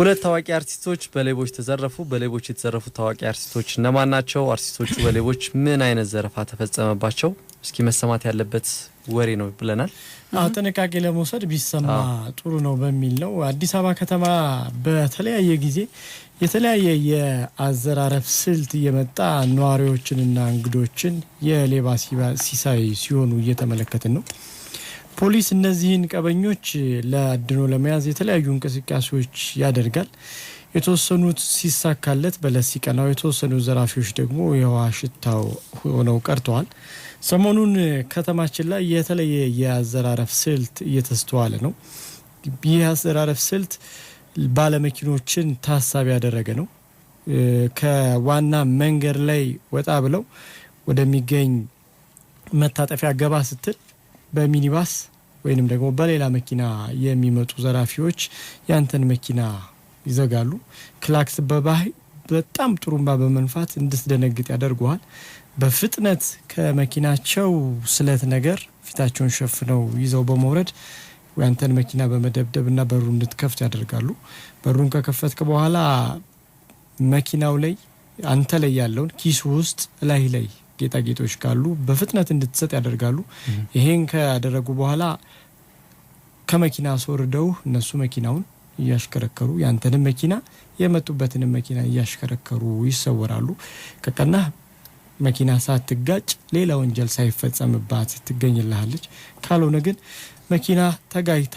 ሁለት ታዋቂ አርቲስቶች በሌቦች ተዘረፉ። በሌቦች የተዘረፉ ታዋቂ አርቲስቶች እነማን ናቸው? አርቲስቶቹ በሌቦች ምን አይነት ዘረፋ ተፈጸመባቸው? እስኪ መሰማት ያለበት ወሬ ነው ብለናል። ጥንቃቄ ለመውሰድ ቢሰማ ጥሩ ነው በሚል ነው። አዲስ አበባ ከተማ በተለያየ ጊዜ የተለያየ የአዘራረፍ ስልት እየመጣ ነዋሪዎችንና እንግዶችን የሌባ ሲሳይ ሲሆኑ እየተመለከትን ነው። ፖሊስ እነዚህን ቀበኞች ለአድኖ ለመያዝ የተለያዩ እንቅስቃሴዎች ያደርጋል። የተወሰኑት ሲሳካለት በለስ ሲቀናው፣ የተወሰኑ ዘራፊዎች ደግሞ የውሃ ሽታው ሆነው ቀርተዋል። ሰሞኑን ከተማችን ላይ የተለየ የአዘራረፍ ስልት እየተስተዋለ ነው። ይህ አዘራረፍ ስልት ባለመኪኖችን ታሳቢ ያደረገ ነው። ከዋና መንገድ ላይ ወጣ ብለው ወደሚገኝ መታጠፊያ ገባ ስትል በሚኒባስ ወይንም ደግሞ በሌላ መኪና የሚመጡ ዘራፊዎች ያንተን መኪና ይዘጋሉ። ክላክስ በባህ በጣም ጥሩምባ በመንፋት እንድትደነግጥ ያደርገዋል። በፍጥነት ከመኪናቸው ስለት ነገር ፊታቸውን ሸፍነው ይዘው በመውረድ ያንተን መኪና በመደብደብ በሩ በሩን እንድትከፍት ያደርጋሉ። በሩን ከከፈትክ በኋላ መኪናው ላይ አንተ ላይ ያለውን ኪሱ ውስጥ ላይ ላይ ጌጣጌጦች ካሉ በፍጥነት እንድትሰጥ ያደርጋሉ። ይሄን ካደረጉ በኋላ ከመኪና አስወርደው እነሱ መኪናውን እያሽከረከሩ ያንተንም መኪና የመጡበትንም መኪና እያሽከረከሩ ይሰወራሉ። ከቀና መኪና ሳትጋጭ ሌላ ወንጀል ሳይፈጸምባት ትገኝልሃለች። ካልሆነ ግን መኪና ተጋይታ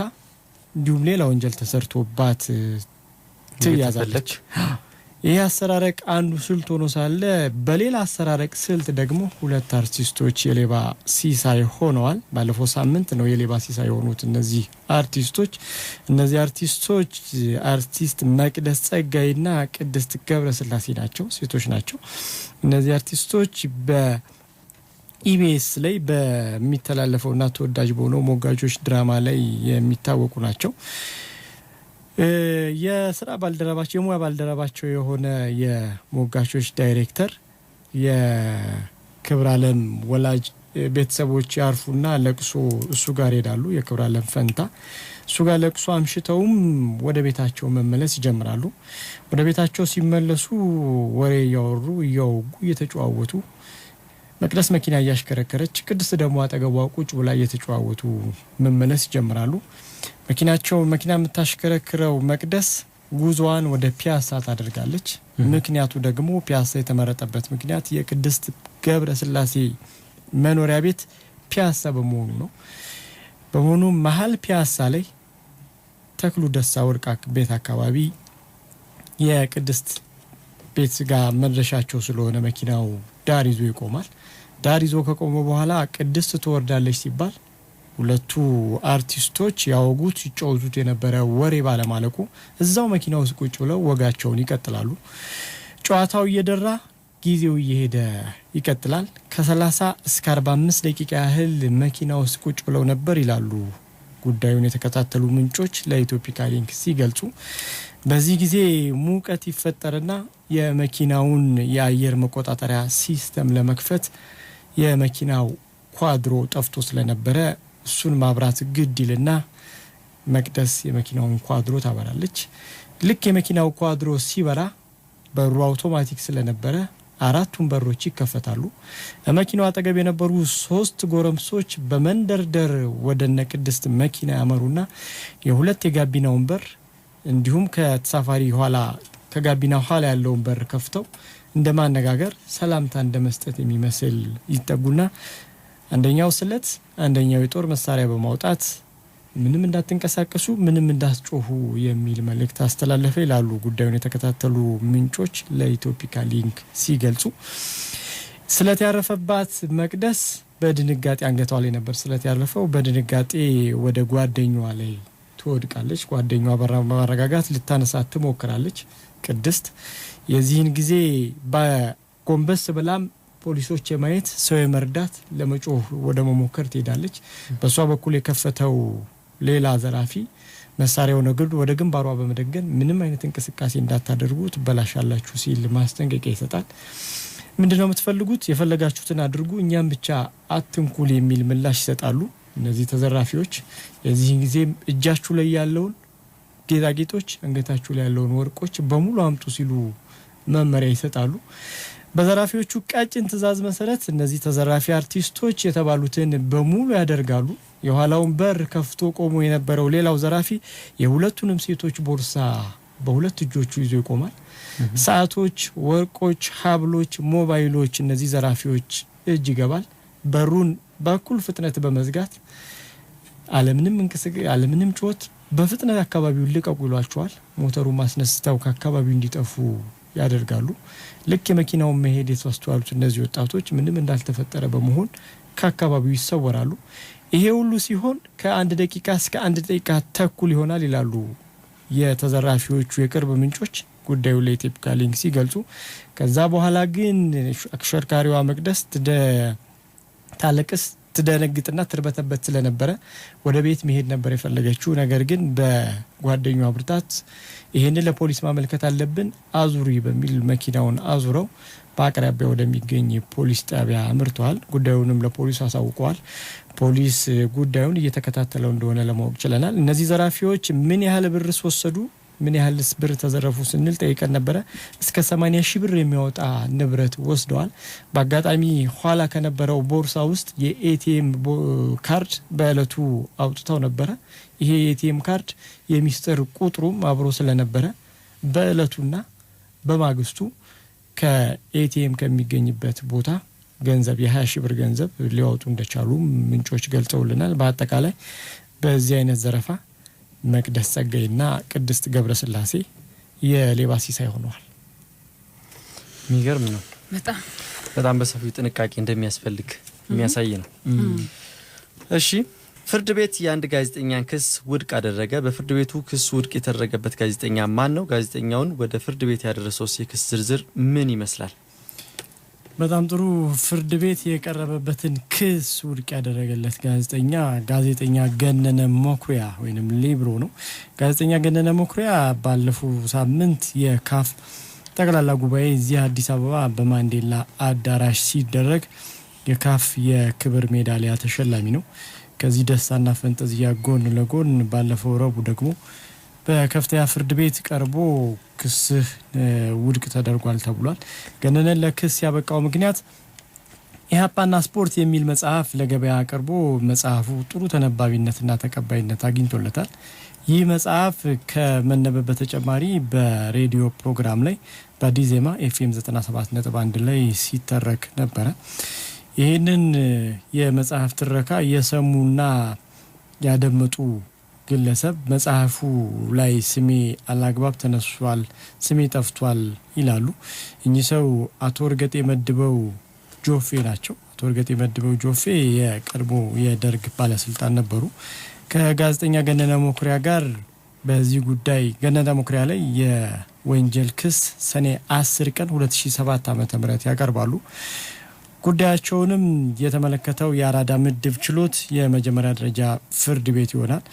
እንዲሁም ሌላ ወንጀል ተሰርቶባት ትያዛለች። ይህ አሰራረቅ አንዱ ስልት ሆኖ ሳለ በሌላ አሰራረቅ ስልት ደግሞ ሁለት አርቲስቶች የሌባ ሲሳይ ሆነዋል። ባለፈው ሳምንት ነው የሌባ ሲሳይ የሆኑት እነዚህ አርቲስቶች። እነዚህ አርቲስቶች አርቲስት መቅደስ ጸጋይና ቅድስት ገብረስላሴ ናቸው፣ ሴቶች ናቸው። እነዚህ አርቲስቶች በ ኢቢኤስ ላይ በሚተላለፈውና ተወዳጅ በሆነው ሞጋጆች ድራማ ላይ የሚታወቁ ናቸው። የስራ ባልደረባቸው የሙያ ባልደረባቸው የሆነ የሞጋቾች ዳይሬክተር የክብረ አለም ወላጅ ቤተሰቦች ያርፉና ለቅሶ እሱ ጋር ሄዳሉ። የክብረ አለም ፈንታ እሱ ጋር ለቅሶ አምሽተውም ወደ ቤታቸው መመለስ ይጀምራሉ። ወደ ቤታቸው ሲመለሱ ወሬ እያወሩ እያወጉ እየተጨዋወቱ መቅደስ መኪና እያሽከረከረች፣ ቅድስት ደግሞ አጠገቧ ቁጭ ብላ እየተጨዋወቱ መመለስ ይጀምራሉ። መኪናቸው መኪና የምታሽከረክረው መቅደስ ጉዞዋን ወደ ፒያሳ ታደርጋለች። ምክንያቱ ደግሞ ፒያሳ የተመረጠበት ምክንያት የቅድስት ገብረ ስላሴ መኖሪያ ቤት ፒያሳ በመሆኑ ነው። በመሆኑ መሀል ፒያሳ ላይ ተክሉ ደሳ ወርቅ ቤት አካባቢ የቅድስት ቤት ጋር መድረሻቸው ስለሆነ መኪናው ዳር ይዞ ይቆማል። ዳር ይዞ ከቆመ በኋላ ቅድስት ትወርዳለች ሲባል ሁለቱ አርቲስቶች ያወጉት ሲጫወቱት የነበረ ወሬ ባለማለቁ እዛው መኪና ውስጥ ቁጭ ብለው ወጋቸውን ይቀጥላሉ። ጨዋታው እየደራ ጊዜው እየሄደ ይቀጥላል። ከ30 እስከ 45 ደቂቃ ያህል መኪና ውስጥ ቁጭ ብለው ነበር ይላሉ ጉዳዩን የተከታተሉ ምንጮች ለኢትዮፒካ ሊንክ ሲገልጹ በዚህ ጊዜ ሙቀት ይፈጠርና የመኪናውን የአየር መቆጣጠሪያ ሲስተም ለመክፈት የመኪናው ኳድሮ ጠፍቶ ስለነበረ እሱን ማብራት ግድ ይልና መቅደስ የመኪናውን ኳድሮ ታበራለች። ልክ የመኪናው ኳድሮ ሲበራ በሩ አውቶማቲክ ስለነበረ አራቱን በሮች ይከፈታሉ። መኪናው አጠገብ የነበሩ ሶስት ጎረምሶች በመንደርደር ወደነ ቅድስት መኪና ያመሩና የሁለት የጋቢናውን በር እንዲሁም ከተሳፋሪ ኋላ ከጋቢና ኋላ ያለውን በር ከፍተው እንደ ማነጋገር ሰላምታ እንደ መስጠት የሚመስል ይጠጉና አንደኛው ስለት አንደኛው የጦር መሳሪያ በማውጣት ምንም እንዳትንቀሳቀሱ ምንም እንዳትጮሁ የሚል መልእክት አስተላለፈ ይላሉ ጉዳዩን የተከታተሉ ምንጮች ለኢትዮፒካ ሊንክ ሲገልጹ። ስለት ያረፈባት መቅደስ በድንጋጤ አንገቷ ላይ ነበር ስለት ያረፈው። በድንጋጤ ወደ ጓደኛዋ ላይ ትወድቃለች። ጓደኛዋ በማረጋጋት ልታነሳት ትሞክራለች። ቅድስት የዚህን ጊዜ በጎንበስ ብላም ፖሊሶች የማየት ሰው የመርዳት ለመጮህ ወደ መሞከር ትሄዳለች። በእሷ በኩል የከፈተው ሌላ ዘራፊ መሳሪያው እግዱ ወደ ግንባሯ በመደገን ምንም አይነት እንቅስቃሴ እንዳታደርጉ ትበላሻላችሁ ሲል ማስጠንቀቂያ ይሰጣል። ነው የምትፈልጉት? የፈለጋችሁትን አድርጉ፣ እኛም ብቻ አትንኩል የሚል ምላሽ ይሰጣሉ። እነዚህ ተዘራፊዎች የዚህን ጊዜ እጃችሁ ላይ ያለውን ጌጣጌጦች፣ አንገታችሁ ላይ ያለውን ወርቆች በሙሉ አምጡ ሲሉ መመሪያ ይሰጣሉ። በዘራፊዎቹ ቀጭን ትዕዛዝ መሰረት እነዚህ ተዘራፊ አርቲስቶች የተባሉትን በሙሉ ያደርጋሉ። የኋላውን በር ከፍቶ ቆሞ የነበረው ሌላው ዘራፊ የሁለቱንም ሴቶች ቦርሳ በሁለት እጆቹ ይዞ ይቆማል። ሰዓቶች፣ ወርቆች፣ ሀብሎች፣ ሞባይሎች እነዚህ ዘራፊዎች እጅ ይገባል። በሩን በኩል ፍጥነት በመዝጋት አለምንም እንቅስቃሴ አለምንም ጩኸት በፍጥነት አካባቢውን ልቀቁ ይሏቸዋል። ሞተሩን ማስነስተው ከአካባቢው እንዲጠፉ ያደርጋሉ። ልክ የመኪናውን መሄድ የተስተዋሉት እነዚህ ወጣቶች ምንም እንዳልተፈጠረ በመሆን ከአካባቢው ይሰወራሉ። ይሄ ሁሉ ሲሆን ከአንድ ደቂቃ እስከ አንድ ደቂቃ ተኩል ይሆናል ይላሉ የተዘራፊዎቹ የቅርብ ምንጮች ጉዳዩ ለኢትዮጵያ ሊንክ ሲገልጹ፣ ከዛ በኋላ ግን አሽከርካሪዋ መቅደስ ታለቅስ ትደነግጥና ትርበተበት ስለነበረ ወደ ቤት መሄድ ነበር የፈለገችው። ነገር ግን በጓደኛ ብርታት ይህንን ለፖሊስ ማመልከት አለብን አዙሪ በሚል መኪናውን አዙረው በአቅራቢያ ወደሚገኝ ፖሊስ ጣቢያ አምርተዋል። ጉዳዩንም ለፖሊስ አሳውቀዋል። ፖሊስ ጉዳዩን እየተከታተለው እንደሆነ ለማወቅ ችለናል። እነዚህ ዘራፊዎች ምን ያህል ብር ወሰዱ? ምን ያህልስ ብር ተዘረፉ ስንል ጠይቀን ነበረ። እስከ 80 ሺህ ብር የሚያወጣ ንብረት ወስደዋል። በአጋጣሚ ኋላ ከነበረው ቦርሳ ውስጥ የኤቲኤም ካርድ በእለቱ አውጥተው ነበረ። ይሄ የኤቲኤም ካርድ የሚስጥር ቁጥሩም አብሮ ስለነበረ በእለቱና በማግስቱ ከኤቲኤም ከሚገኝበት ቦታ ገንዘብ የ20 ሺህ ብር ገንዘብ ሊያወጡ እንደቻሉ ምንጮች ገልጸውልናል። በአጠቃላይ በዚህ አይነት ዘረፋ መቅደስ ጸጋይና ቅድስት ገብረስላሴ የሌባ ሲሳይ ሆነዋል። የሚገርም ነው። በጣም በጣም በሰፊው ጥንቃቄ እንደሚያስፈልግ የሚያሳይ ነው። እሺ ፍርድ ቤት የአንድ ጋዜጠኛን ክስ ውድቅ አደረገ። በፍርድ ቤቱ ክስ ውድቅ የተደረገበት ጋዜጠኛ ማን ነው? ጋዜጠኛውን ወደ ፍርድ ቤት ያደረሰው የክስ ዝርዝር ምን ይመስላል? በጣም ጥሩ ፍርድ ቤት የቀረበበትን ክስ ውድቅ ያደረገለት ጋዜጠኛ ጋዜጠኛ ገነነ መኩሪያ ወይም ሊብሮ ነው። ጋዜጠኛ ገነነ መኩሪያ ባለፈው ሳምንት የካፍ ጠቅላላ ጉባኤ እዚህ አዲስ አበባ በማንዴላ አዳራሽ ሲደረግ የካፍ የክብር ሜዳሊያ ተሸላሚ ነው። ከዚህ ደስታና ፈንጠዝያ ጎን ለጎን ባለፈው ረቡዕ ደግሞ በከፍተኛ ፍርድ ቤት ቀርቦ ክስህ ውድቅ ተደርጓል ተብሏል። ገነነን ለክስ ያበቃው ምክንያት ኢህአፓና ስፖርት የሚል መጽሐፍ ለገበያ አቅርቦ መጽሐፉ ጥሩ ተነባቢነትና ተቀባይነት አግኝቶለታል። ይህ መጽሐፍ ከመነበብ በተጨማሪ በሬዲዮ ፕሮግራም ላይ በአዲስ ዜማ ኤፍኤም 97.1 ላይ ሲተረክ ነበረ። ይህንን የመጽሐፍ ትረካ የሰሙና ያደመጡ ግለሰብ መጽሐፉ ላይ ስሜ አላግባብ ተነሷል፣ ስሜ ጠፍቷል ይላሉ። እኚህ ሰው አቶ እርገጤ መድበው ጆፌ ናቸው። አቶ እርገጤ መድበው ጆፌ የቀድሞ የደርግ ባለስልጣን ነበሩ። ከጋዜጠኛ ገነነ መኩሪያ ጋር በዚህ ጉዳይ ገነነ መኩሪያ ላይ የወንጀል ክስ ሰኔ 10 ቀን 2007 ዓ ም ያቀርባሉ። ጉዳያቸውንም የተመለከተው የአራዳ ምድብ ችሎት የመጀመሪያ ደረጃ ፍርድ ቤት ይሆናል።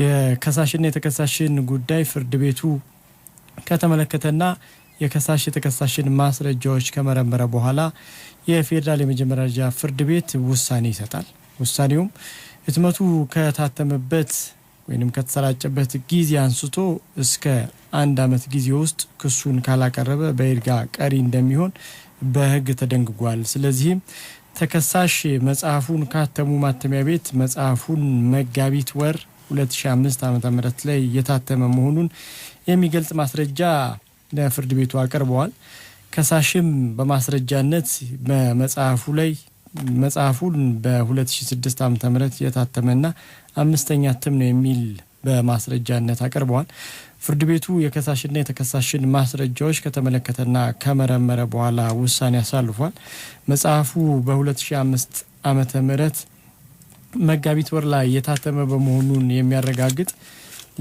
የከሳሽና የተከሳሽን ጉዳይ ፍርድ ቤቱ ከተመለከተና የከሳሽ የተከሳሽን ማስረጃዎች ከመረመረ በኋላ የፌዴራል የመጀመሪያ ደረጃ ፍርድ ቤት ውሳኔ ይሰጣል። ውሳኔውም ህትመቱ ከታተመበት ወይም ከተሰራጨበት ጊዜ አንስቶ እስከ አንድ ዓመት ጊዜ ውስጥ ክሱን ካላቀረበ በይርጋ ቀሪ እንደሚሆን በህግ ተደንግጓል። ስለዚህም ተከሳሽ መጽሐፉን ካተሙ ማተሚያ ቤት መጽሐፉን መጋቢት ወር 2005 ዓ ም ላይ የታተመ መሆኑን የሚገልጽ ማስረጃ ለፍርድ ቤቱ አቅርበዋል። ከሳሽም በማስረጃነት በመጽሐፉ ላይ መጽሐፉን በ2006 ዓ ም የታተመና አምስተኛ እትም ነው የሚል በማስረጃነት አቅርበዋል። ፍርድ ቤቱ የከሳሽና የተከሳሽን ማስረጃዎች ከተመለከተና ከመረመረ በኋላ ውሳኔ አሳልፏል። መጽሐፉ በ2005 ዓ ም መጋቢት ወር ላይ የታተመ በመሆኑን የሚያረጋግጥ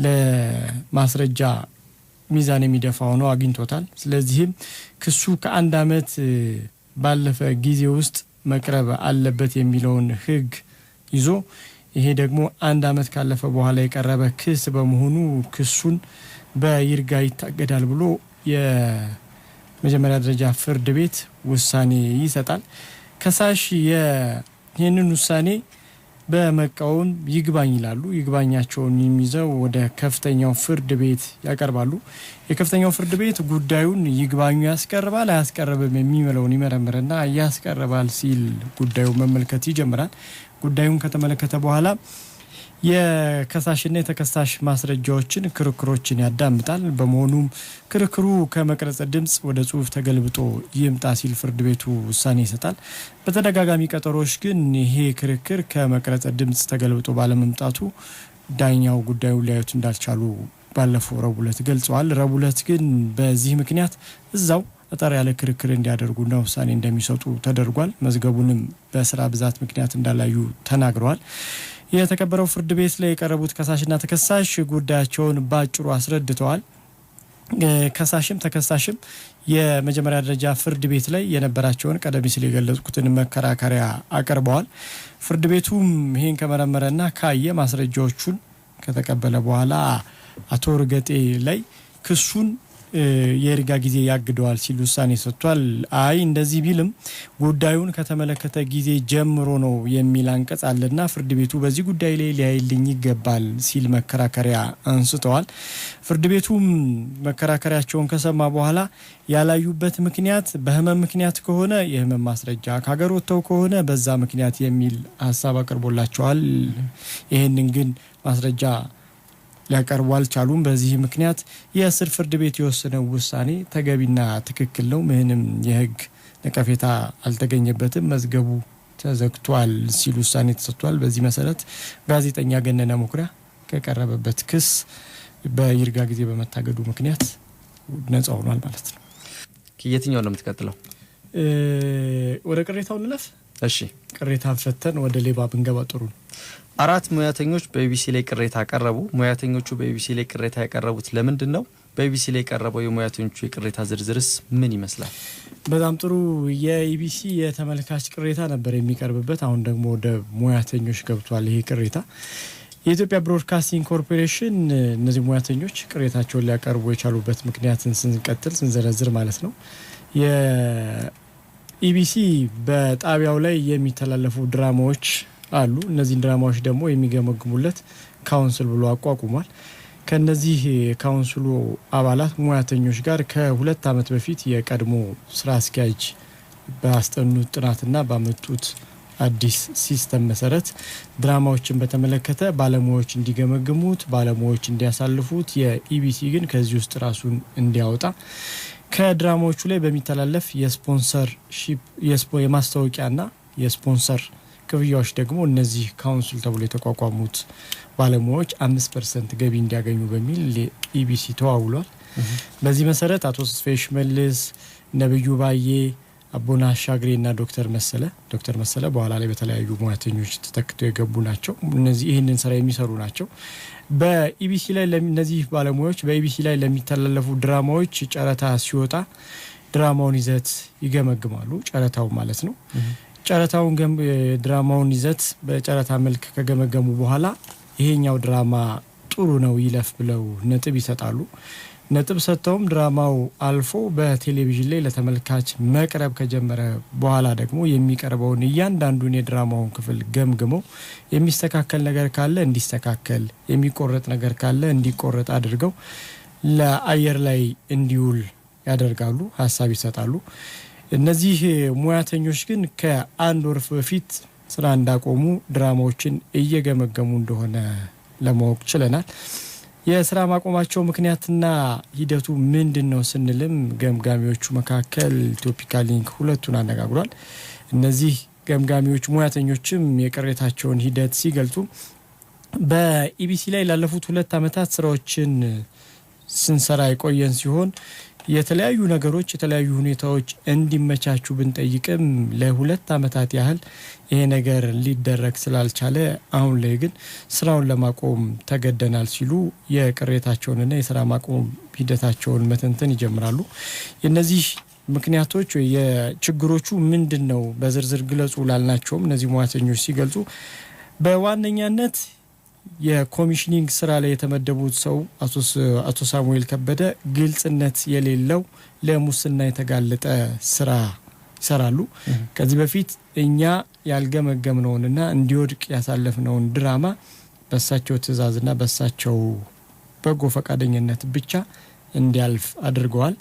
ለማስረጃ ሚዛን የሚደፋ ሆኖ አግኝቶታል። ስለዚህም ክሱ ከአንድ ዓመት ባለፈ ጊዜ ውስጥ መቅረብ አለበት የሚለውን ሕግ ይዞ ይሄ ደግሞ አንድ ዓመት ካለፈ በኋላ የቀረበ ክስ በመሆኑ ክሱን በይርጋ ይታገዳል ብሎ የመጀመሪያ ደረጃ ፍርድ ቤት ውሳኔ ይሰጣል። ከሳሽ ይህንን ውሳኔ በመቃወም ይግባኝ ይላሉ። ይግባኛቸውን የሚይዘው ወደ ከፍተኛው ፍርድ ቤት ያቀርባሉ። የከፍተኛው ፍርድ ቤት ጉዳዩን ይግባኙ ያስቀርባል አያስቀርብም የሚለውን ይመረምርና ያስቀርባል ሲል ጉዳዩ መመልከት ይጀምራል። ጉዳዩን ከተመለከተ በኋላ የከሳሽና የተከሳሽ ማስረጃዎችን፣ ክርክሮችን ያዳምጣል። በመሆኑም ክርክሩ ከመቅረጸ ድምፅ ወደ ጽሁፍ ተገልብጦ ይምጣ ሲል ፍርድ ቤቱ ውሳኔ ይሰጣል። በተደጋጋሚ ቀጠሮች ግን ይሄ ክርክር ከመቅረጸ ድምፅ ተገልብጦ ባለመምጣቱ ዳኛው ጉዳዩን ሊያዩት እንዳልቻሉ ባለፈው ረቡዕ ዕለት ገልጸዋል። ረቡዕ ዕለት ግን በዚህ ምክንያት እዛው አጠር ያለ ክርክር እንዲያደርጉና ውሳኔ እንደሚሰጡ ተደርጓል። መዝገቡንም በስራ ብዛት ምክንያት እንዳላዩ ተናግረዋል። የተከበረው ፍርድ ቤት ላይ የቀረቡት ከሳሽና ተከሳሽ ጉዳያቸውን ባጭሩ አስረድተዋል። ከሳሽም ተከሳሽም የመጀመሪያ ደረጃ ፍርድ ቤት ላይ የነበራቸውን ቀደም ሲል የገለጽኩትን መከራከሪያ አቅርበዋል። ፍርድ ቤቱም ይህን ከመረመረና ካየ ማስረጃዎቹን ከተቀበለ በኋላ አቶ ርገጤ ላይ ክሱን የእርጋ ጊዜ ያግደዋል ሲል ውሳኔ ሰጥቷል። አይ እንደዚህ ቢልም ጉዳዩን ከተመለከተ ጊዜ ጀምሮ ነው የሚል አንቀጽ አለና ፍርድ ቤቱ በዚህ ጉዳይ ላይ ሊያይልኝ ይገባል ሲል መከራከሪያ አንስተዋል። ፍርድ ቤቱም መከራከሪያቸውን ከሰማ በኋላ ያላዩበት ምክንያት በህመም ምክንያት ከሆነ የህመም ማስረጃ ከሀገር ወጥተው ከሆነ በዛ ምክንያት የሚል ሀሳብ አቅርቦላቸዋል። ይህንን ግን ማስረጃ ሊያቀርቡ አልቻሉም። በዚህ ምክንያት የስር ፍርድ ቤት የወሰነው ውሳኔ ተገቢና ትክክል ነው፣ ምንም የህግ ነቀፌታ አልተገኘበትም፣ መዝገቡ ተዘግቷል ሲል ውሳኔ ተሰጥቷል። በዚህ መሰረት ጋዜጠኛ ገነነ መኩሪያ ከቀረበበት ክስ በይርጋ ጊዜ በመታገዱ ምክንያት ነጻ ሆኗል ማለት ነው። የትኛው ነው የምትቀጥለው? ወደ ቅሬታው እንለፍ። እሺ፣ ቅሬታ ፈተን ወደ ሌባ ብንገባ ጥሩ ነው። አራት ሙያተኞች በኢቢሲ ላይ ቅሬታ ቀረቡ ሙያተኞቹ በኢቢሲ ላይ ቅሬታ ያቀረቡት ለምንድን ነው? በኢቢሲ ላይ የቀረበው የሙያተኞቹ የቅሬታ ዝርዝርስ ምን ይመስላል? በጣም ጥሩ። የኢቢሲ የተመልካች ቅሬታ ነበር የሚቀርብበት። አሁን ደግሞ ወደ ሙያተኞች ገብቷል ይሄ ቅሬታ። የኢትዮጵያ ብሮድካስቲንግ ኮርፖሬሽን እነዚህ ሙያተኞች ቅሬታቸውን ሊያቀርቡ የቻሉበት ምክንያትን ስንቀጥል ስንዘረዝር ማለት ነው የኢቢሲ በጣቢያው ላይ የሚተላለፉ ድራማዎች አሉ። እነዚህን ድራማዎች ደግሞ የሚገመግሙለት ካውንስል ብሎ አቋቁሟል። ከነዚህ የካውንስሉ አባላት ሙያተኞች ጋር ከሁለት ዓመት በፊት የቀድሞ ስራ አስኪያጅ ባስጠኑት ጥናትና ባመጡት አዲስ ሲስተም መሰረት ድራማዎችን በተመለከተ ባለሙያዎች እንዲገመግሙት፣ ባለሙያዎች እንዲያሳልፉት፣ የኢቢሲ ግን ከዚህ ውስጥ ራሱን እንዲያወጣ ከድራማዎቹ ላይ በሚተላለፍ የስፖንሰር የማስታወቂያና የስፖንሰር ክፍያዎች ደግሞ እነዚህ ካውንስል ተብሎ የተቋቋሙት ባለሙያዎች አምስት ፐርሰንት ገቢ እንዲያገኙ በሚል ኢቢሲ ተዋውሏል። በዚህ መሰረት አቶ ተስፋዬ ሽመልስ፣ ነብዩ ባዬ፣ አቦና ሻግሬ እና ዶክተር መሰለ ዶክተር መሰለ በኋላ ላይ በተለያዩ ሙያተኞች ተተክተው የገቡ ናቸው። እነዚህ ይህንን ስራ የሚሰሩ ናቸው። በኢቢሲ ላይ እነዚህ ባለሙያዎች በኢቢሲ ላይ ለሚተላለፉ ድራማዎች ጨረታ ሲወጣ ድራማውን ይዘት ይገመግማሉ። ጨረታው ማለት ነው። ጨረታውን ድራማውን ይዘት በጨረታ መልክ ከገመገሙ በኋላ ይሄኛው ድራማ ጥሩ ነው ይለፍ ብለው ነጥብ ይሰጣሉ። ነጥብ ሰጥተውም ድራማው አልፎ በቴሌቪዥን ላይ ለተመልካች መቅረብ ከጀመረ በኋላ ደግሞ የሚቀርበውን እያንዳንዱን የድራማውን ክፍል ገምግመው የሚስተካከል ነገር ካለ እንዲስተካከል፣ የሚቆረጥ ነገር ካለ እንዲቆረጥ አድርገው ለአየር ላይ እንዲውል ያደርጋሉ፣ ሀሳብ ይሰጣሉ። እነዚህ ሙያተኞች ግን ከአንድ ወርፍ በፊት ስራ እንዳቆሙ ድራማዎችን እየገመገሙ እንደሆነ ለማወቅ ችለናል። የስራ ማቆማቸው ምክንያትና ሂደቱ ምንድን ነው ስንልም ገምጋሚዎቹ መካከል ኢትዮፒካ ሊንክ ሁለቱን አነጋግሯል። እነዚህ ገምጋሚዎች ሙያተኞችም የቅሬታቸውን ሂደት ሲገልጹ በኢቢሲ ላይ ላለፉት ሁለት ዓመታት ስራዎችን ስንሰራ የቆየን ሲሆን የተለያዩ ነገሮች የተለያዩ ሁኔታዎች እንዲመቻቹ ብንጠይቅም ለሁለት ዓመታት ያህል ይሄ ነገር ሊደረግ ስላልቻለ አሁን ላይ ግን ስራውን ለማቆም ተገደናል ሲሉ የቅሬታቸውንና የስራ ማቆም ሂደታቸውን መተንተን ይጀምራሉ። እነዚህ ምክንያቶች የችግሮቹ ምንድን ነው በዝርዝር ግለጹ ላልናቸውም እነዚህ ሙያተኞች ሲገልጹ በዋነኛነት የኮሚሽኒንግ ስራ ላይ የተመደቡት ሰው አቶ ሳሙኤል ከበደ ግልጽነት የሌለው ለሙስና የተጋለጠ ስራ ይሰራሉ። ከዚህ በፊት እኛ ያልገመገምነውንና እንዲወድቅ ያሳለፍነውን ድራማ በሳቸው ትእዛዝና በሳቸው በጎ ፈቃደኝነት ብቻ እንዲያልፍ አድርገዋል።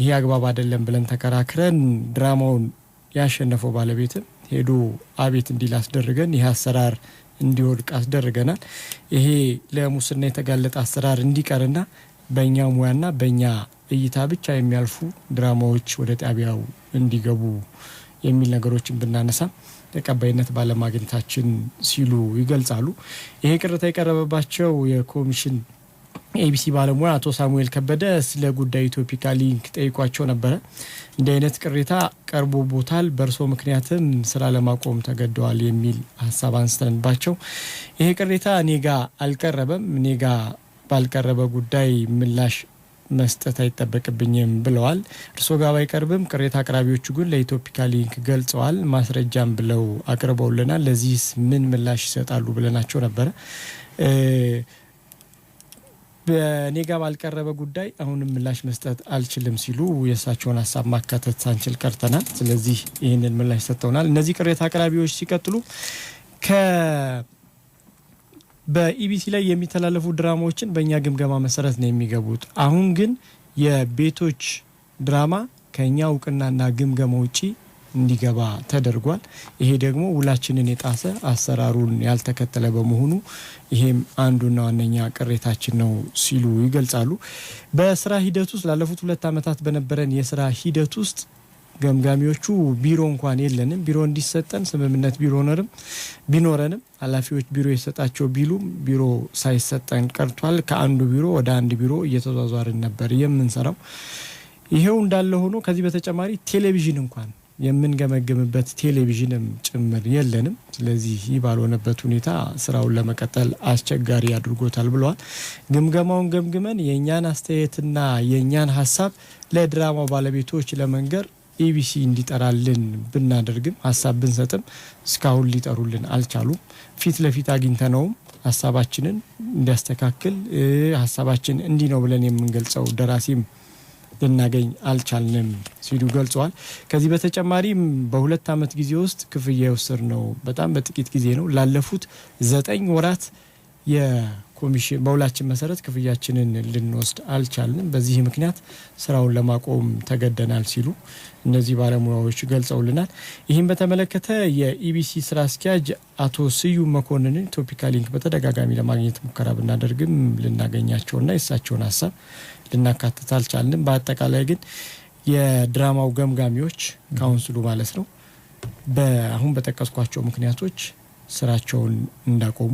ይሄ አግባብ አይደለም ብለን ተከራክረን ድራማውን ያሸነፈው ባለቤትም ሄዶ አቤት እንዲል አስደርገን ይህ አሰራር እንዲወድቅ አስደርገናል። ይሄ ለሙስና የተጋለጠ አሰራር እንዲቀርና በእኛ ሙያና በእኛ እይታ ብቻ የሚያልፉ ድራማዎች ወደ ጣቢያው እንዲገቡ የሚል ነገሮችን ብናነሳ ተቀባይነት ባለማግኘታችን ሲሉ ይገልጻሉ። ይሄ ቅሬታ የቀረበባቸው የኮሚሽን የኤቢሲ ባለሙያ አቶ ሳሙኤል ከበደ ስለ ጉዳዩ ኢትዮፒካ ሊንክ ጠይቋቸው ነበረ። እንዲህ አይነት ቅሬታ ቀርቦቦታል፣ በእርሶ ምክንያትም ስራ ለማቆም ተገደዋል የሚል ሀሳብ አንስተንባቸው ይሄ ቅሬታ ኔጋ አልቀረበም፣ ኔጋ ባልቀረበ ጉዳይ ምላሽ መስጠት አይጠበቅብኝም ብለዋል። እርሶ ጋር ባይቀርብም ቅሬታ አቅራቢዎቹ ግን ለኢትዮፒካ ሊንክ ገልጸዋል፣ ማስረጃም ብለው አቅርበውልናል። ለዚህስ ምን ምላሽ ይሰጣሉ ብለናቸው ነበረ። በኔጋ ባልቀረበ ጉዳይ አሁንም ምላሽ መስጠት አልችልም ሲሉ የእሳቸውን ሀሳብ ማካተት ሳንችል ቀርተናል። ስለዚህ ይህንን ምላሽ ሰጥተውናል። እነዚህ ቅሬታ አቅራቢዎች ሲቀጥሉ ከ በኢቢሲ ላይ የሚተላለፉ ድራማዎችን በእኛ ግምገማ መሰረት ነው የሚገቡት። አሁን ግን የቤቶች ድራማ ከእኛ እውቅናና ግምገማ ውጪ እንዲገባ ተደርጓል። ይሄ ደግሞ ውላችንን የጣሰ አሰራሩን ያልተከተለ በመሆኑ ይሄም አንዱና ዋነኛ ቅሬታችን ነው ሲሉ ይገልጻሉ። በስራ ሂደት ውስጥ ላለፉት ሁለት ዓመታት በነበረን የስራ ሂደት ውስጥ ገምጋሚዎቹ ቢሮ እንኳን የለንም። ቢሮ እንዲሰጠን ስምምነት ቢሮ ኖርም ቢኖረንም ኃላፊዎች ቢሮ የሰጣቸው ቢሉም ቢሮ ሳይሰጠን ቀርቷል። ከአንዱ ቢሮ ወደ አንድ ቢሮ እየተዟዟርን ነበር የምንሰራው። ይሄው እንዳለ ሆኖ ከዚህ በተጨማሪ ቴሌቪዥን እንኳን የምንገመግምበት ቴሌቪዥንም ጭምር የለንም። ስለዚህ ይህ ባልሆነበት ሁኔታ ስራውን ለመቀጠል አስቸጋሪ አድርጎታል ብለዋል። ግምገማውን ገምግመን የእኛን አስተያየትና የእኛን ሀሳብ ለድራማው ባለቤቶች ለመንገር ኢቢሲ እንዲጠራልን ብናደርግም ሀሳብ ብንሰጥም እስካሁን ሊጠሩልን አልቻሉም። ፊት ለፊት አግኝተነውም ሀሳባችንን እንዲያስተካክል ሀሳባችን እንዲህ ነው ብለን የምንገልጸው ደራሲም ልናገኝ አልቻልንም ሲሉ ገልጸዋል። ከዚህ በተጨማሪም በሁለት ዓመት ጊዜ ውስጥ ክፍያ የወሰድ ነው በጣም በጥቂት ጊዜ ነው። ላለፉት ዘጠኝ ወራት ኮሚሽን በውላችን መሰረት ክፍያችንን ልንወስድ አልቻልንም፣ በዚህ ምክንያት ስራውን ለማቆም ተገደናል ሲሉ እነዚህ ባለሙያዎች ገልጸውልናል። ይህም በተመለከተ የኢቢሲ ስራ አስኪያጅ አቶ ስዩም መኮንንን ኢትዮፒካ ሊንክ በተደጋጋሚ ለማግኘት ሙከራ ብናደርግም ልናገኛቸውና የእሳቸውን ሀሳብ ልናካትት አልቻልንም። በአጠቃላይ ግን የድራማው ገምጋሚዎች ካውንስሉ ማለት ነው በአሁን በጠቀስኳቸው ምክንያቶች ስራቸውን እንዳቆሙ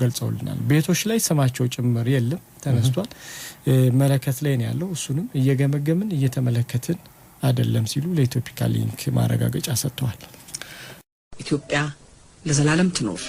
ገልጸውልናል። ቤቶች ላይ ስማቸው ጭምር የለም ተነስቷል። መለከት ላይ ነው ያለው። እሱንም እየገመገምን እየተመለከትን አይደለም ሲሉ ለኢትዮፒካ ሊንክ ማረጋገጫ ሰጥተዋል። ኢትዮጵያ ለዘላለም ትኖር።